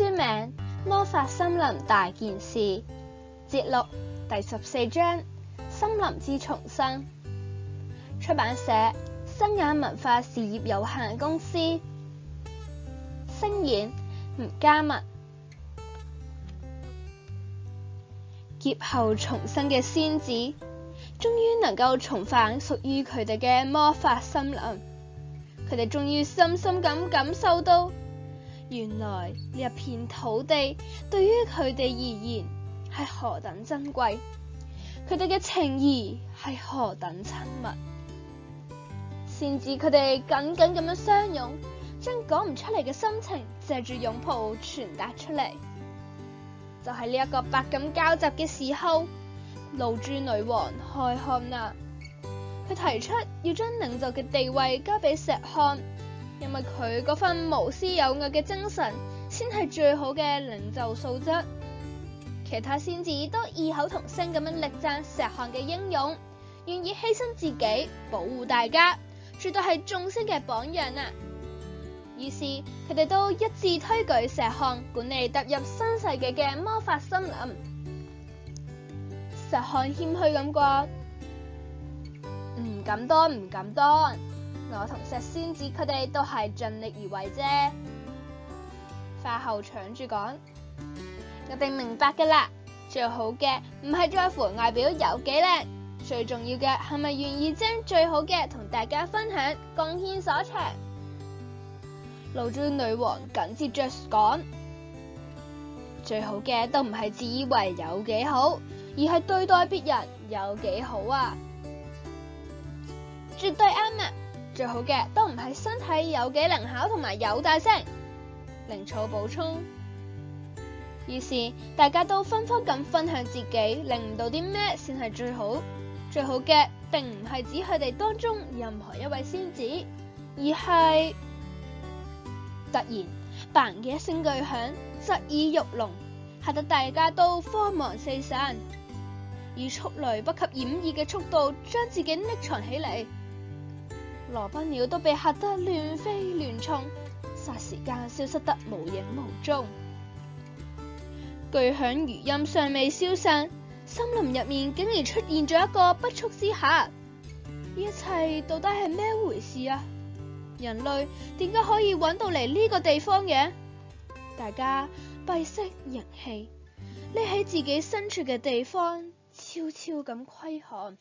書名《魔法森林大件事》，節錄第十四章《森林之重生》。出版社：新雅文化事業有限公司。聲演：吳珈汶。劫後重生嘅仙子，終於能夠重返屬於佢哋嘅魔法森林。佢哋終於深深咁感受到。原來呢一片土地對於佢哋而言係何等珍貴，佢哋嘅情誼係何等親密，先至佢哋緊緊咁樣相擁，將講唔出嚟嘅心情借住擁抱傳達出嚟。就喺呢一個百感交集嘅時候，露珠女王開腔喇，佢提出要將領袖嘅地位交俾石漢。因為佢嗰份無私有愛嘅精神，先係最好嘅領袖素質。其他仙子都異口同聲咁樣力讚石漢嘅英勇，願意犧牲自己保護大家，絕對係眾星嘅榜樣啊！於是佢哋都一致推舉石漢管理踏入新世紀嘅魔法森林。石漢謙虛咁講，唔敢當，唔敢當。我同石仙子佢哋都係盡力而為啫。花后搶住講，一定明白噶啦。最好嘅唔係在乎外表有幾靚，最重要嘅係咪願意將最好嘅同大家分享，貢獻所長。露珠女王緊接着講，最好嘅都唔係自以為有幾好，而係對待別人有幾好啊！絕對啱啊！最好嘅都唔係身體有幾靈巧同埋有大聲，靈草補充。於是大家都紛紛咁分享自己，令唔到啲咩先係最好。最好嘅並唔係指佢哋當中任何一位仙子，而係……突然，嘭嘅一聲巨響，震耳欲聾，吓得大家都慌忙四散，以速雷不及掩耳嘅速度將自己匿藏起嚟。羅賓鳥都被嚇得亂飛亂衝，霎時間消失得無影無蹤。巨響餘音尚未消散，森林入面竟然出現咗一個不速之客。呢一切到底係咩回事啊？人類點解可以揾到嚟呢個地方嘅？大家閉息凝氣，匿喺自己身處嘅地方，悄悄咁窺看。